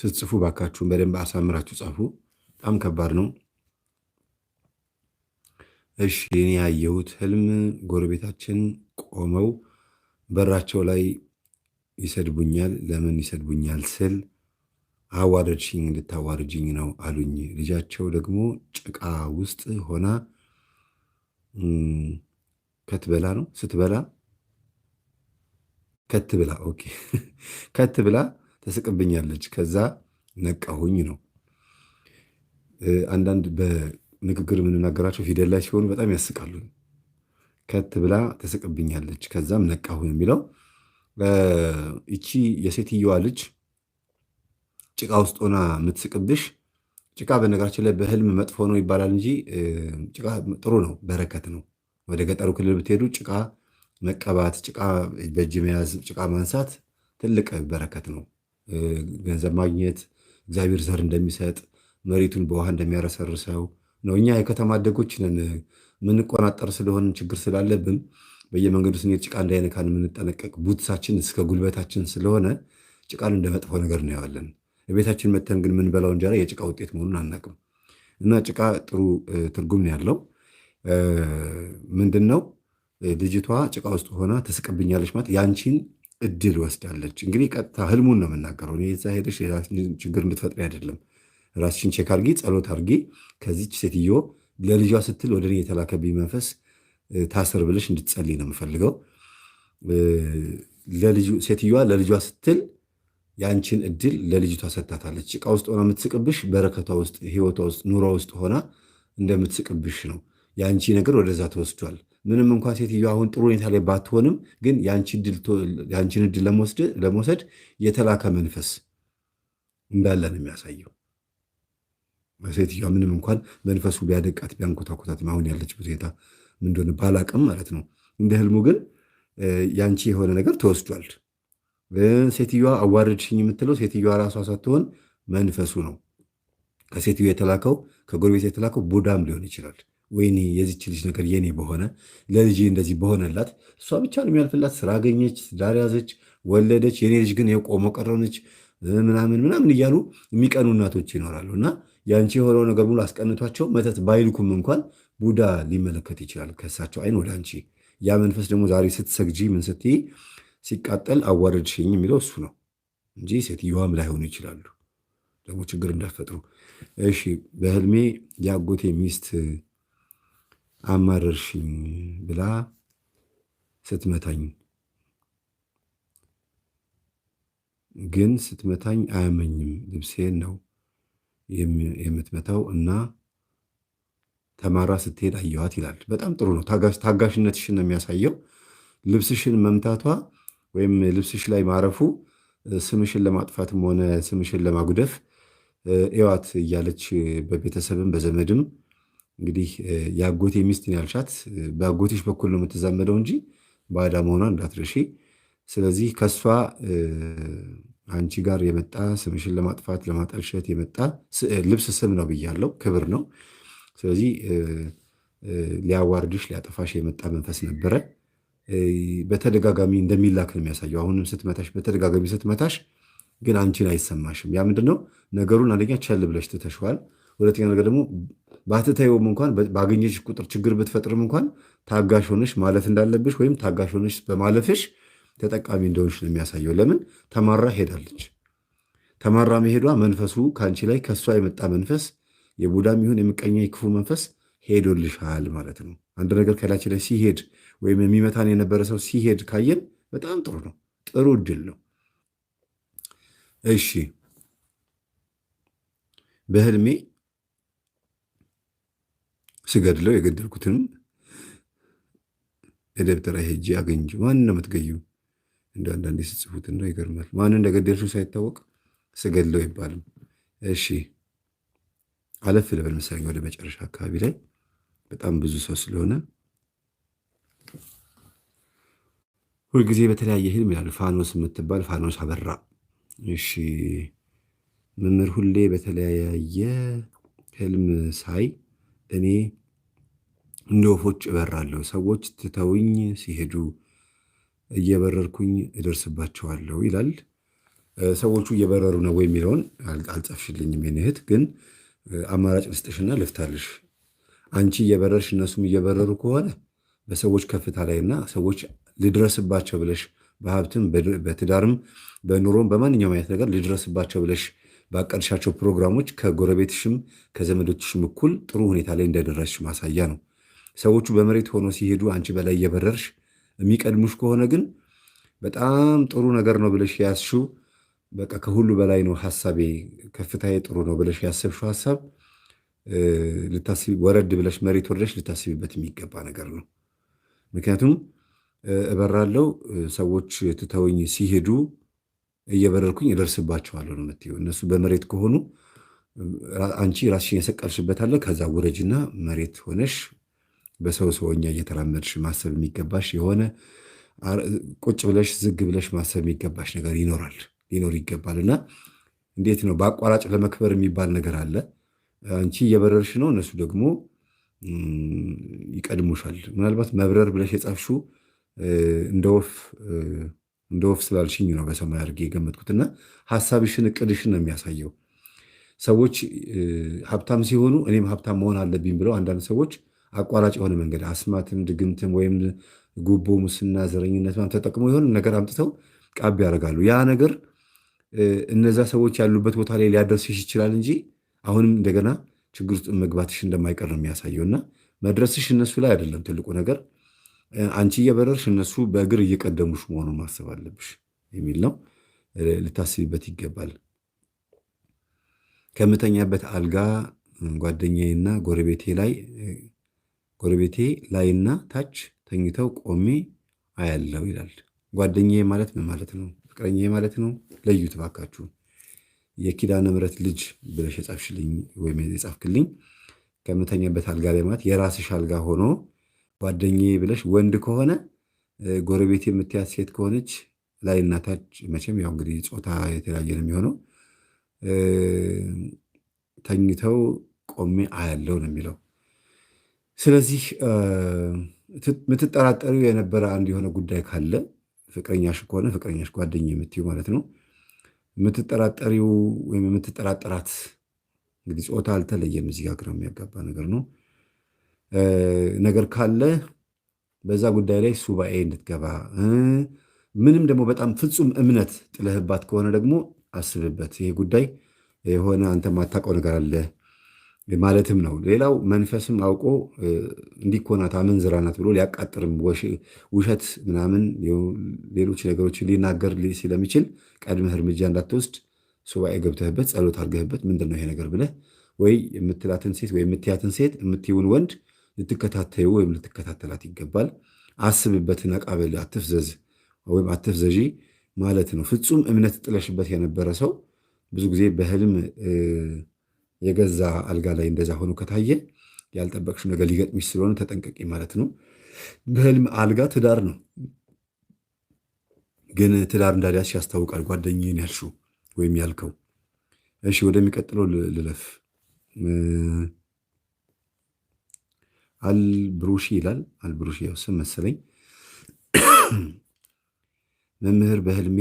ስትጽፉ ባካችሁን በደንብ አሳምራችሁ ጻፉ። በጣም ከባድ ነው። እሺ እኔ ያየሁት ህልም ጎረቤታችን ቆመው በራቸው ላይ ይሰድቡኛል። ለምን ይሰድቡኛል ስል አዋረድሽኝ እንድታዋርጅኝ ነው አሉኝ። ልጃቸው ደግሞ ጭቃ ውስጥ ሆና ከትበላ ነው ስትበላ ከትብላ ኦኬ ከትብላ ተስቅብኛለች። ከዛ ነቃሁኝ ነው። አንዳንድ በንግግር የምንናገራቸው ፊደል ላይ ሲሆኑ በጣም ያስቃሉ። ከት ብላ ተስቅብኛለች፣ ከዛም ነቃሁኝ የሚለው እቺ የሴትየዋ ልጅ ጭቃ ውስጥ ሆና የምትስቅብሽ ጭቃ በነገራችን ላይ በህልም መጥፎ ነው ይባላል እንጂ ጭቃ ጥሩ ነው፣ በረከት ነው። ወደ ገጠሩ ክልል ብትሄዱ ጭቃ መቀባት፣ ጭቃ በእጅ መያዝ፣ ጭቃ ማንሳት ትልቅ በረከት ነው። ገንዘብ ማግኘት፣ እግዚአብሔር ዘር እንደሚሰጥ፣ መሬቱን በውሃ እንደሚያረሰርሰው ነው። እኛ የከተማ አደጎች ነን። የምንቆናጠር ስለሆን ችግር ስላለብን በየመንገዱ ስንሄድ ጭቃ እንዳይነካን የምንጠነቀቅ ቡትሳችን እስከ ጉልበታችን ስለሆነ ጭቃን እንደመጥፎ ነገር እናየዋለን። ቤታችን መተን ግን የምንበላው እንጀራ የጭቃ ውጤት መሆኑን አናቅም። እና ጭቃ ጥሩ ትርጉም ነው ያለው። ምንድን ነው ልጅቷ ጭቃ ውስጥ ሆና ትስቅብኛለች ማለት ያንቺን እድል ወስዳለች። እንግዲህ ቀጥታ ህልሙን ነው የምናገረው። እዛ ሄደሽ የራስሽን ችግር እንድትፈጥሪ አይደለም። ራስሽን ቼክ አርጊ፣ ጸሎት አርጊ። ከዚች ሴትዮ ለልጇ ስትል ወደ እኔ የተላከብኝ መንፈስ ታስር ብለሽ እንድትጸልይ ነው የምፈልገው። ሴትዮዋ ለልጇ ስትል የአንቺን እድል ለልጅቷ ሰታታለች። እቃ ውስጥ ሆና የምትስቅብሽ በረከቷ ውስጥ ህይወቷ ውስጥ ኑሯ ውስጥ ሆና እንደምትስቅብሽ ነው። የአንቺ ነገር ወደዛ ተወስዷል። ምንም እንኳን ሴትዮ አሁን ጥሩ ሁኔታ ላይ ባትሆንም ግን ያንቺን እድል ለመውሰድ የተላከ መንፈስ እንዳለ ነው የሚያሳየው። ሴትዮዋ ምንም እንኳን መንፈሱ ቢያደቃት ቢያንኮታኮታት አሁን ያለችበት ሁኔታ ምን እንደሆነ ባላቅም ማለት ነው። እንደ ህልሙ ግን ያንቺ የሆነ ነገር ተወስዷል። ሴትዮዋ አዋረድሽኝ የምትለው ሴትዮዋ ራሷ ሳትሆን መንፈሱ ነው። ከሴትዮ የተላከው ከጎረቤት የተላከው ቡዳም ሊሆን ይችላል። ወይኔ የዚች ልጅ ነገር የኔ በሆነ ለልጅ እንደዚህ በሆነላት እሷ ብቻ ነው የሚያልፍላት። ስራ አገኘች፣ ዳር ያዘች፣ ወለደች። የኔ ልጅ ግን የቆመ ቀረነች ምናምን ምናምን እያሉ የሚቀኑ እናቶች ይኖራሉ። እና ያንቺ የሆነው ነገር ሙሉ አስቀንቷቸው መተት ባይልኩም እንኳን ቡዳ ሊመለከት ይችላል ከእሳቸው አይን ወደ አንቺ። ያ መንፈስ ደግሞ ዛሬ ስትሰግጂ ምን ስትይ ሲቃጠል አዋረድሽኝ የሚለው እሱ ነው እንጂ ሴትየዋም ላይሆኑ ይችላሉ። ደግሞ ችግር እንዳፈጥሩ እሺ። በህልሜ የአጎቴ ሚስት አማረርሽኝ ብላ ስትመታኝ ግን ስትመታኝ አያመኝም። ልብሴን ነው የምትመታው እና ተማራ ስትሄድ አየኋት ይላል። በጣም ጥሩ ነው። ታጋሽነትሽን ነው የሚያሳየው። ልብስሽን መምታቷ ወይም ልብስሽ ላይ ማረፉ ስምሽን ለማጥፋትም ሆነ ስምሽን ለማጉደፍ እዋት እያለች በቤተሰብም በዘመድም እንግዲህ የአጎቴ ሚስትን ያልሻት በአጎቴሽ በኩል ነው የምትዛመደው እንጂ ባዳ መሆኗ እንዳትረሺ። ስለዚህ ከእሷ አንቺ ጋር የመጣ ስምሽን ለማጥፋት ለማጠልሸት የመጣ ልብስ ስም ነው ብያለው፣ ክብር ነው። ስለዚህ ሊያዋርድሽ ሊያጠፋሽ የመጣ መንፈስ ነበረ። በተደጋጋሚ እንደሚላክ ነው የሚያሳየው። አሁንም ስትመታሽ፣ በተደጋጋሚ ስትመታሽ ግን አንቺን አይሰማሽም። ያ ምንድነው ነገሩን አንደኛ ቸል ብለሽ ትተሽዋል። ሁለተኛ ነገር ደግሞ ባትታየውም እንኳን ባገኘሽ ቁጥር ችግር ብትፈጥርም እንኳን ታጋሽ ሆነሽ ማለፍ እንዳለብሽ ወይም ታጋሽ ሆነሽ በማለፍሽ ተጠቃሚ እንደሆንሽ ነው የሚያሳየው። ለምን ተማራ ሄዳለች። ተማራ መሄዷ መንፈሱ ከአንቺ ላይ ከእሷ የመጣ መንፈስ የቡዳም ይሁን የምቀኛ የክፉ መንፈስ ሄዶልሻል ማለት ነው። አንድ ነገር ከላች ላይ ሲሄድ ወይም የሚመታን የነበረ ሰው ሲሄድ ካየን በጣም ጥሩ ነው። ጥሩ እድል ነው። እሺ በህልሜ ስገድለው የገደልኩትንም የደብተራ ሄጄ አገኘ። ማንን የምትገዩ እንደ አንዳንዴ ነው ይገርማል። ማንን እንደገደልሽው ሳይታወቅ ስገድለው ይባልም። እሺ አለፍ ልበል መሰለኝ ወደ መጨረሻ አካባቢ ላይ በጣም ብዙ ሰው ስለሆነ ሁልጊዜ በተለያየ ህልም ይላሉ። ፋኖስ የምትባል ፋኖስ አበራ። እሺ መምህር፣ ሁሌ በተለያየ ህልም ሳይ እኔ እንደ ወፎች እበራለሁ። ሰዎች ትተውኝ ሲሄዱ እየበረርኩኝ እደርስባቸዋለሁ ይላል። ሰዎቹ እየበረሩ ነው ወይ የሚለውን አልጻፍሽልኝም የእኔ እህት፣ ግን አማራጭ ልስጥሽና ልፍታልሽ። አንቺ እየበረርሽ እነሱም እየበረሩ ከሆነ በሰዎች ከፍታ ላይና ሰዎች ልድረስባቸው ብለሽ በሀብትም በትዳርም በኑሮም በማንኛውም አይነት ነገር ልድረስባቸው ብለሽ ባቀድሻቸው ፕሮግራሞች ከጎረቤትሽም ከዘመዶችሽም እኩል ጥሩ ሁኔታ ላይ እንደደረስሽ ማሳያ ነው። ሰዎቹ በመሬት ሆኖ ሲሄዱ አንቺ በላይ እየበረርሽ የሚቀድሙሽ ከሆነ ግን በጣም ጥሩ ነገር ነው ብለሽ ያስሹ በቃ ከሁሉ በላይ ነው ሀሳቤ ከፍታዬ ጥሩ ነው ብለሽ ያሰብሽው ሀሳብ ወረድ ብለሽ መሬት ወርደሽ ልታስቢበት የሚገባ ነገር ነው። ምክንያቱም እበራለው ሰዎች ትተውኝ ሲሄዱ እየበረርኩኝ እደርስባቸዋለሁ ነው የምትይው። እነሱ በመሬት ከሆኑ አንቺ ራስሽን የሰቀልሽበታለ ከዛ ውረጅና መሬት ሆነሽ በሰው ሰውኛ እየተራመድሽ ማሰብ የሚገባሽ የሆነ ቁጭ ብለሽ ዝግ ብለሽ ማሰብ የሚገባሽ ነገር ይኖራል ሊኖር ይገባል። እና እንዴት ነው በአቋራጭ ለመክበር የሚባል ነገር አለ። አንቺ እየበረርሽ ነው፣ እነሱ ደግሞ ይቀድሙሻል። ምናልባት መብረር ብለሽ የጻፍሽው እንደ ወፍ እንደ ወፍ ስላልሽኝ ነው በሰማይ አድርጌ የገመጥኩትና ሀሳብሽን እቅድሽን ነው የሚያሳየው። ሰዎች ሀብታም ሲሆኑ እኔም ሀብታም መሆን አለብኝ ብለው አንዳንድ ሰዎች አቋራጭ የሆነ መንገድ አስማትን፣ ድግምትን ወይም ጉቦ፣ ሙስና፣ ዘረኝነት ተጠቅመው የሆነ ነገር አምጥተው ቃብ ያደርጋሉ። ያ ነገር እነዛ ሰዎች ያሉበት ቦታ ላይ ሊያደርስሽ ይችላል እንጂ አሁንም እንደገና ችግር ውስጥ መግባትሽ እንደማይቀር ነው የሚያሳየው እና መድረስሽ እነሱ ላይ አይደለም ትልቁ ነገር አንቺ እየበረርሽ እነሱ በእግር እየቀደሙሽ መሆኑ ማሰብ አለብሽ የሚል ነው። ልታስብበት ይገባል። ከምተኛበት አልጋ ጓደኛዬና ጎረቤቴ ላይ ጎረቤቴ ላይና ታች ተኝተው ቆሜ አያለው ይላል። ጓደኛዬ ማለት ምን ማለት ነው? ፍቅረኛዬ ማለት ነው? ለዩት ባካችሁ። የኪዳነ ምሕረት ልጅ ብለሽ የጻፍሽልኝ ወይም የጻፍክልኝ ከምተኛበት አልጋ ላይ ማለት የራስሽ አልጋ ሆኖ ጓደኛዬ ብለሽ ወንድ ከሆነ ጎረቤት የምትያት ሴት ከሆነች ላይ እናታች መቼም ያው እንግዲህ ጾታ የተለያየ ነው የሚሆነው። ተኝተው ቆሜ አያለው ነው የሚለው። ስለዚህ የምትጠራጠሪው የነበረ አንድ የሆነ ጉዳይ ካለ ፍቅረኛሽ ከሆነ ፍቅረኛሽ ጓደኛ የምትዩ ማለት ነው። የምትጠራጠሪው ወይም የምትጠራጠራት እንግዲህ ጾታ አልተለየም። እዚህ ጋር ግራ የሚያጋባ ነገር ነው። ነገር ካለ በዛ ጉዳይ ላይ ሱባኤ እንድትገባ ምንም ደግሞ በጣም ፍጹም እምነት ጥለህባት ከሆነ ደግሞ አስብበት። ይሄ ጉዳይ የሆነ አንተ ማታውቀው ነገር አለ ማለትም ነው። ሌላው መንፈስም አውቆ እንዲኮናት አመንዝራናት ብሎ ሊያቃጥርም ውሸት ምናምን ሌሎች ነገሮችን ሊናገር ስለሚችል ቀድመህ እርምጃ እንዳትወስድ ሱባኤ ገብተህበት ጸሎት አድርገህበት ምንድን ነው ይሄ ነገር ብለህ ወይ የምትላትን ሴት ወይ የምትያትን ሴት የምትይውን ወንድ ልትከታተዩ ወይም ልትከታተላት ይገባል። አስብበት፣ ነቃ አትፍዘዝ ወይም አትፍዘዢ ማለት ነው። ፍጹም እምነት ጥለሽበት የነበረ ሰው ብዙ ጊዜ በህልም የገዛ አልጋ ላይ እንደዛ ሆኖ ከታየ ያልጠበቅሽው ነገር ሊገጥምሽ ስለሆነ ተጠንቀቂ ማለት ነው። በህልም አልጋ ትዳር ነው፣ ግን ትዳር እንዳልያዝሽ ያስታውቃል። ጓደኝን ያልሽው ወይም ያልከው። እሺ፣ ወደሚቀጥለው ልለፍ። አልብሩሺ ይላል። አልብሩሺ ያው ስም መሰለኝ። መምህር በህልሜ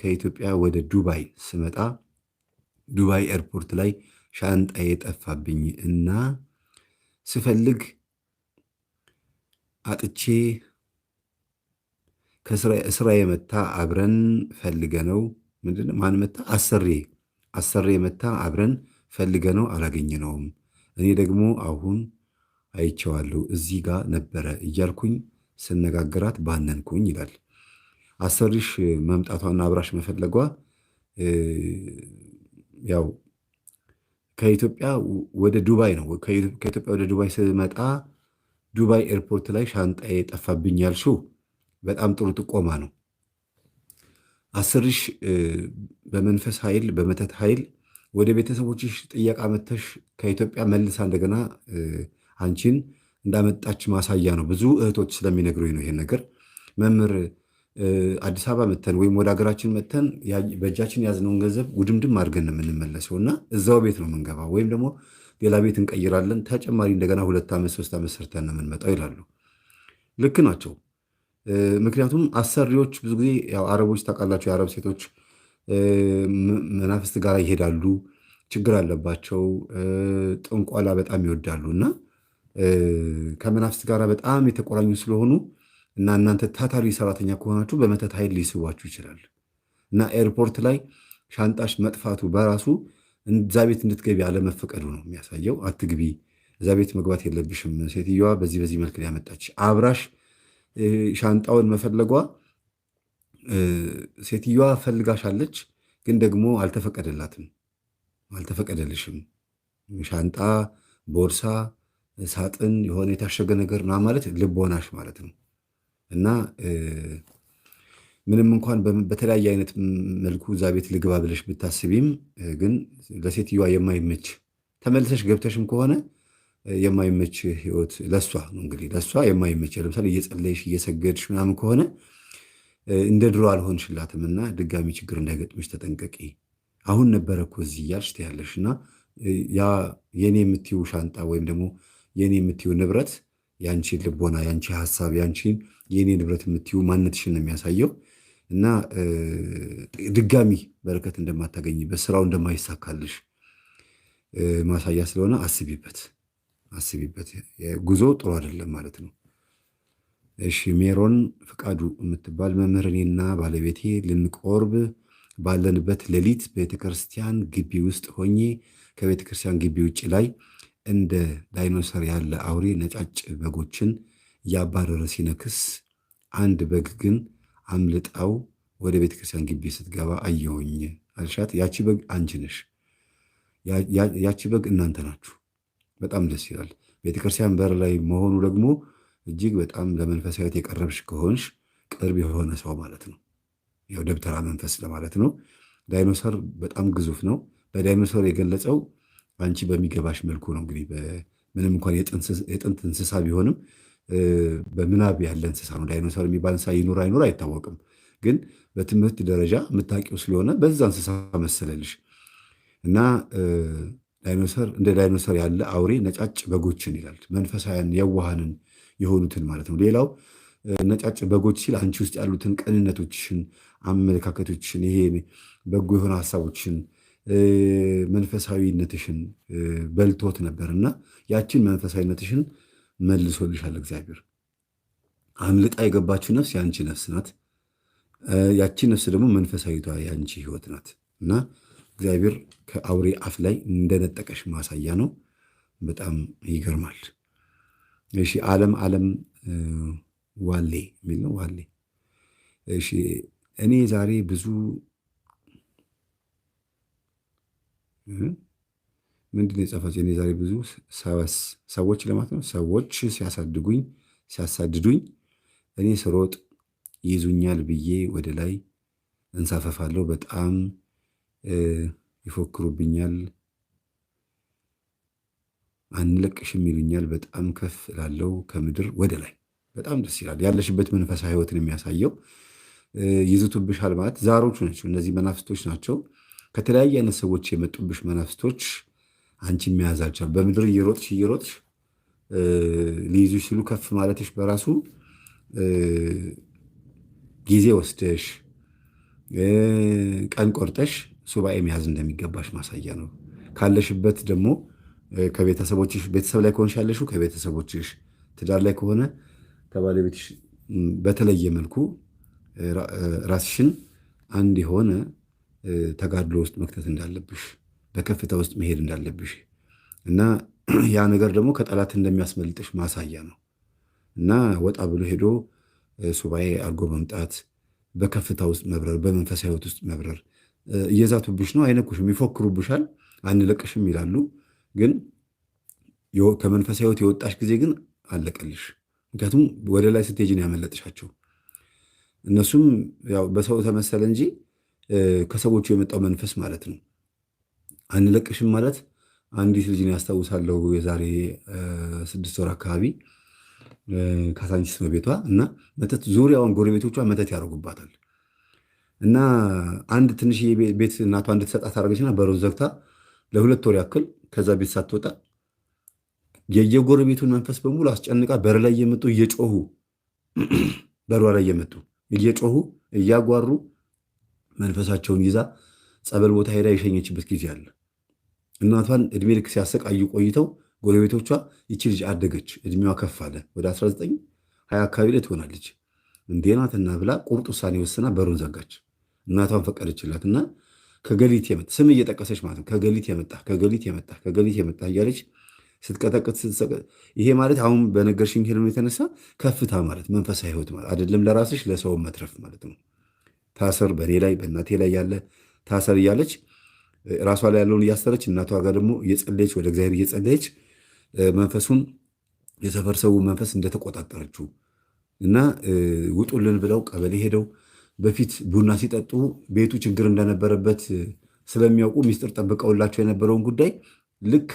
ከኢትዮጵያ ወደ ዱባይ ስመጣ ዱባይ ኤርፖርት ላይ ሻንጣ የጠፋብኝ እና ስፈልግ አጥቼ ከስራ የመታ አብረን ፈልገ ነው ምንድን ማን መታ አሰሬ አሰሬ መታ አብረን ፈልገ ነው ነውም እኔ ደግሞ አሁን አይቼዋለሁ እዚህ ጋር ነበረ እያልኩኝ ስነጋገራት ባነንኩኝ ይላል። አሰሪሽ መምጣቷና አብራሽ መፈለጓ ያው ከኢትዮጵያ ወደ ዱባይ ነው። ከኢትዮጵያ ወደ ዱባይ ስመጣ ዱባይ ኤርፖርት ላይ ሻንጣዬ የጠፋብኝ ያልሺው በጣም ጥሩ ጥቆማ ነው። አስርሽ በመንፈስ ኃይል በመተት ኃይል ወደ ቤተሰቦችሽ ጥየቃ መተሽ ከኢትዮጵያ መልሳ እንደገና አንቺን እንዳመጣች ማሳያ ነው። ብዙ እህቶች ስለሚነግሩ ነው ይሄን ነገር መምህር አዲስ አበባ መተን ወይም ወደ ሀገራችን መተን በእጃችን ያዝነውን ገንዘብ ውድምድም አድርገን የምንመለሰው እና እዛው ቤት ነው የምንገባው፣ ወይም ደግሞ ሌላ ቤት እንቀይራለን። ተጨማሪ እንደገና ሁለት ዓመት ሶስት ዓመት ሰርተን ነው የምንመጣው ይላሉ። ልክ ናቸው። ምክንያቱም አሰሪዎች ብዙ ጊዜ አረቦች ታውቃላቸው፣ የአረብ ሴቶች መናፍስት ጋር ይሄዳሉ፣ ችግር አለባቸው፣ ጥንቋላ በጣም ይወዳሉ እና ከመናፍስት ጋር በጣም የተቆራኙ ስለሆኑ እና እናንተ ታታሪ ሰራተኛ ከሆናችሁ በመተት ኃይል ሊስቧችሁ ይችላል እና ኤርፖርት ላይ ሻንጣሽ መጥፋቱ በራሱ እዛ ቤት እንድትገቢ አለመፈቀዱ ነው የሚያሳየው። አትግቢ፣ እዛ ቤት መግባት የለብሽም ሴትዮዋ በዚህ በዚህ መልክ ያመጣች አብራሽ ሻንጣውን መፈለጓ ሴትዮዋ ፈልጋሻለች፣ ግን ደግሞ አልተፈቀደላትም፣ አልተፈቀደልሽም ሻንጣ ቦርሳ ሳጥን የሆነ የታሸገ ነገር ና ማለት ልቦናሽ ማለት ነው እና ምንም እንኳን በተለያየ አይነት መልኩ እዛ ቤት ልግባ ብለሽ ብታስቢም ግን ለሴትዮዋ የማይመች ተመልሰሽ ገብተሽም ከሆነ የማይመች ህይወት ለሷ ነው እንግዲህ ለሷ የማይመች ለምሳሌ እየጸለይሽ እየሰገድሽ ምናምን ከሆነ እንደ ድሮ አልሆንሽላትም እና ድጋሚ ችግር እንዳይገጥምሽ ተጠንቀቂ። አሁን ነበረ እኮ እዚህ እያልሽ ትያለሽ እና ያ የኔ የምትይው ሻንጣ ወይም ደግሞ የእኔ የምትዩ ንብረት ያንቺ ልቦና፣ ያንቺ ሀሳብ፣ ያንቺ የእኔ ንብረት የምትዩ ማንነትሽን ነው የሚያሳየው እና ድጋሚ በረከት እንደማታገኝበት ስራው እንደማይሳካልሽ ማሳያ ስለሆነ አስቢበት፣ አስቢበት። ጉዞ ጥሩ አይደለም ማለት ነው። እሺ፣ ሜሮን ፍቃዱ የምትባል መምህር እኔና ባለቤቴ ልንቆርብ ባለንበት ሌሊት ቤተክርስቲያን ግቢ ውስጥ ሆኜ ከቤተክርስቲያን ግቢ ውጭ ላይ እንደ ዳይኖሰር ያለ አውሬ ነጫጭ በጎችን እያባረረ ሲነክስ፣ አንድ በግ ግን አምልጣው ወደ ቤተክርስቲያን ግቢ ስትገባ አየሁኝ። አልሻት ያቺ በግ አንቺ ነሽ፣ ያቺ በግ እናንተ ናችሁ። በጣም ደስ ይላል። ቤተክርስቲያን በር ላይ መሆኑ ደግሞ እጅግ በጣም ለመንፈሳዊት የቀረብሽ ከሆንሽ ቅርብ የሆነ ሰው ማለት ነው። ያው ደብተራ መንፈስ ለማለት ነው። ዳይኖሰር በጣም ግዙፍ ነው። በዳይኖሰር የገለጸው አንቺ በሚገባሽ መልኩ ነው እንግዲህ ምንም እንኳን የጥንት እንስሳ ቢሆንም በምናብ ያለ እንስሳ ነው። ዳይኖሰር የሚባል እንስሳ ይኖር አይኖር አይታወቅም። ግን በትምህርት ደረጃ የምታውቂው ስለሆነ በዛ እንስሳ መሰለልሽ እና ዳይኖሰር እንደ ዳይኖሰር ያለ አውሬ ነጫጭ በጎችን ይላል። መንፈሳውያን የዋሃንን የሆኑትን ማለት ነው። ሌላው ነጫጭ በጎች ሲል አንቺ ውስጥ ያሉትን ቀንነቶችን፣ አመለካከቶችን፣ ይሄ በጎ የሆነ ሀሳቦችን መንፈሳዊነትሽን በልቶት ነበር እና ያችን መንፈሳዊነትሽን መልሶልሻል እግዚአብሔር። አምልጣ የገባችው ነፍስ የአንቺ ነፍስ ናት። ያቺ ነፍስ ደግሞ መንፈሳዊቷ የአንቺ ህይወት ናት እና እግዚአብሔር ከአውሬ አፍ ላይ እንደነጠቀሽ ማሳያ ነው። በጣም ይገርማል። እሺ፣ ዓለም ዓለም ዋሌ የሚል ነው። ዋሌ እሺ፣ እኔ ዛሬ ብዙ ምንድን የጻፈች እኔ ዛሬ ብዙ ሰዎች ለማለት ነው። ሰዎች ሲያሳድጉኝ ሲያሳድዱኝ፣ እኔ ስሮጥ ይዙኛል ብዬ ወደ ላይ እንሳፈፋለሁ። በጣም ይፎክሩብኛል፣ አንለቅሽም ይሉኛል። በጣም ከፍ እላለሁ ከምድር ወደ ላይ። በጣም ደስ ይላል። ያለሽበት መንፈሳዊ ህይወትን የሚያሳየው ይዝቱብሻል ማለት ዛሮቹ ናቸው። እነዚህ መናፍስቶች ናቸው። ከተለያየ አይነት ሰዎች የመጡብሽ መናፍስቶች አንቺ የሚያዝ አልቻሉ። በምድር እየሮጥሽ እየሮጥሽ ሊይዙሽ ሲሉ ከፍ ማለትሽ በራሱ ጊዜ ወስደሽ ቀን ቆርጠሽ ሱባኤ መያዝ እንደሚገባሽ ማሳያ ነው። ካለሽበት ደግሞ ከቤተሰቦችሽ ቤተሰብ ላይ ከሆንሽ ያለሽው ከቤተሰቦችሽ፣ ትዳር ላይ ከሆነ ከባለቤትሽ በተለየ መልኩ ራስሽን አንድ የሆነ ተጋድሎ ውስጥ መክተት እንዳለብሽ፣ በከፍታ ውስጥ መሄድ እንዳለብሽ እና ያ ነገር ደግሞ ከጠላት እንደሚያስመልጥሽ ማሳያ ነው እና ወጣ ብሎ ሄዶ ሱባኤ አድርጎ መምጣት፣ በከፍታ ውስጥ መብረር፣ በመንፈሳዊ ሕይወት ውስጥ መብረር። እየዛቱብሽ ነው፣ አይነኩሽም፣ ይፎክሩብሻል፣ አንለቅሽም ይላሉ። ግን ከመንፈሳዊ ሕይወት የወጣሽ ጊዜ ግን አለቀልሽ። ምክንያቱም ወደ ላይ ስትሄጂን ያመለጥሻቸው እነሱም ያው በሰው ተመሰለ እንጂ ከሰዎቹ የመጣው መንፈስ ማለት ነው። አንለቅሽም ማለት አንዲት ልጅን ያስታውሳለሁ። የዛሬ ስድስት ወር አካባቢ ካሳንቺስ ቤቷ እና መተት ዙሪያውን ጎረቤቶቿ መተት ያደርጉባታል እና አንድ ትንሽ ቤት እናቷ እንድትሰጣት ታደረገችና በሩን ዘግታ ለሁለት ወር ያክል ከዛ ቤት ሳትወጣ የየጎረቤቱን መንፈስ በሙሉ አስጨንቃ በር ላይ እየመጡ እየጮሁ በሯ ላይ እየመጡ እየጮሁ እያጓሩ መንፈሳቸውን ይዛ ጸበል ቦታ ሄዳ የሸኘችበት ጊዜ አለ። እናቷን እድሜ ልክ ሲያሰቃዩ ቆይተው ጎረቤቶቿ ይቺ ልጅ አደገች፣ እድሜዋ ከፍ አለ፣ ወደ 19 ሀያ አካባቢ ላይ ትሆናለች። እንዴ ናትና ብላ ቁርጥ ውሳኔ ወስና በሩን ዘጋች። እናቷን ፈቀደችላት እና ከገሊት የመጣ ስም እየጠቀሰች ማለት ነው። ከገሊት የመጣ ከገሊት የመጣ ከገሊት የመጣ እያለች ስትቀጠቅጥ ይሄ ማለት አሁን በነገርሽኝ ህልም የተነሳ ከፍታ ማለት መንፈሳዊ ህይወት ማለት አይደለም፣ ለራስሽ ለሰው መትረፍ ማለት ነው። ታሰር፣ በእኔ ላይ በእናቴ ላይ ያለ ታሰር እያለች ራሷ ላይ ያለውን እያሰረች እናቷ ጋር ደግሞ እየጸለየች ወደ እግዚአብሔር እየጸለየች መንፈሱን የሰፈርሰቡ መንፈስ እንደተቆጣጠረችው እና ውጡልን ብለው ቀበሌ ሄደው በፊት ቡና ሲጠጡ ቤቱ ችግር እንደነበረበት ስለሚያውቁ ሚስጥር ጠብቀውላቸው የነበረውን ጉዳይ ልክ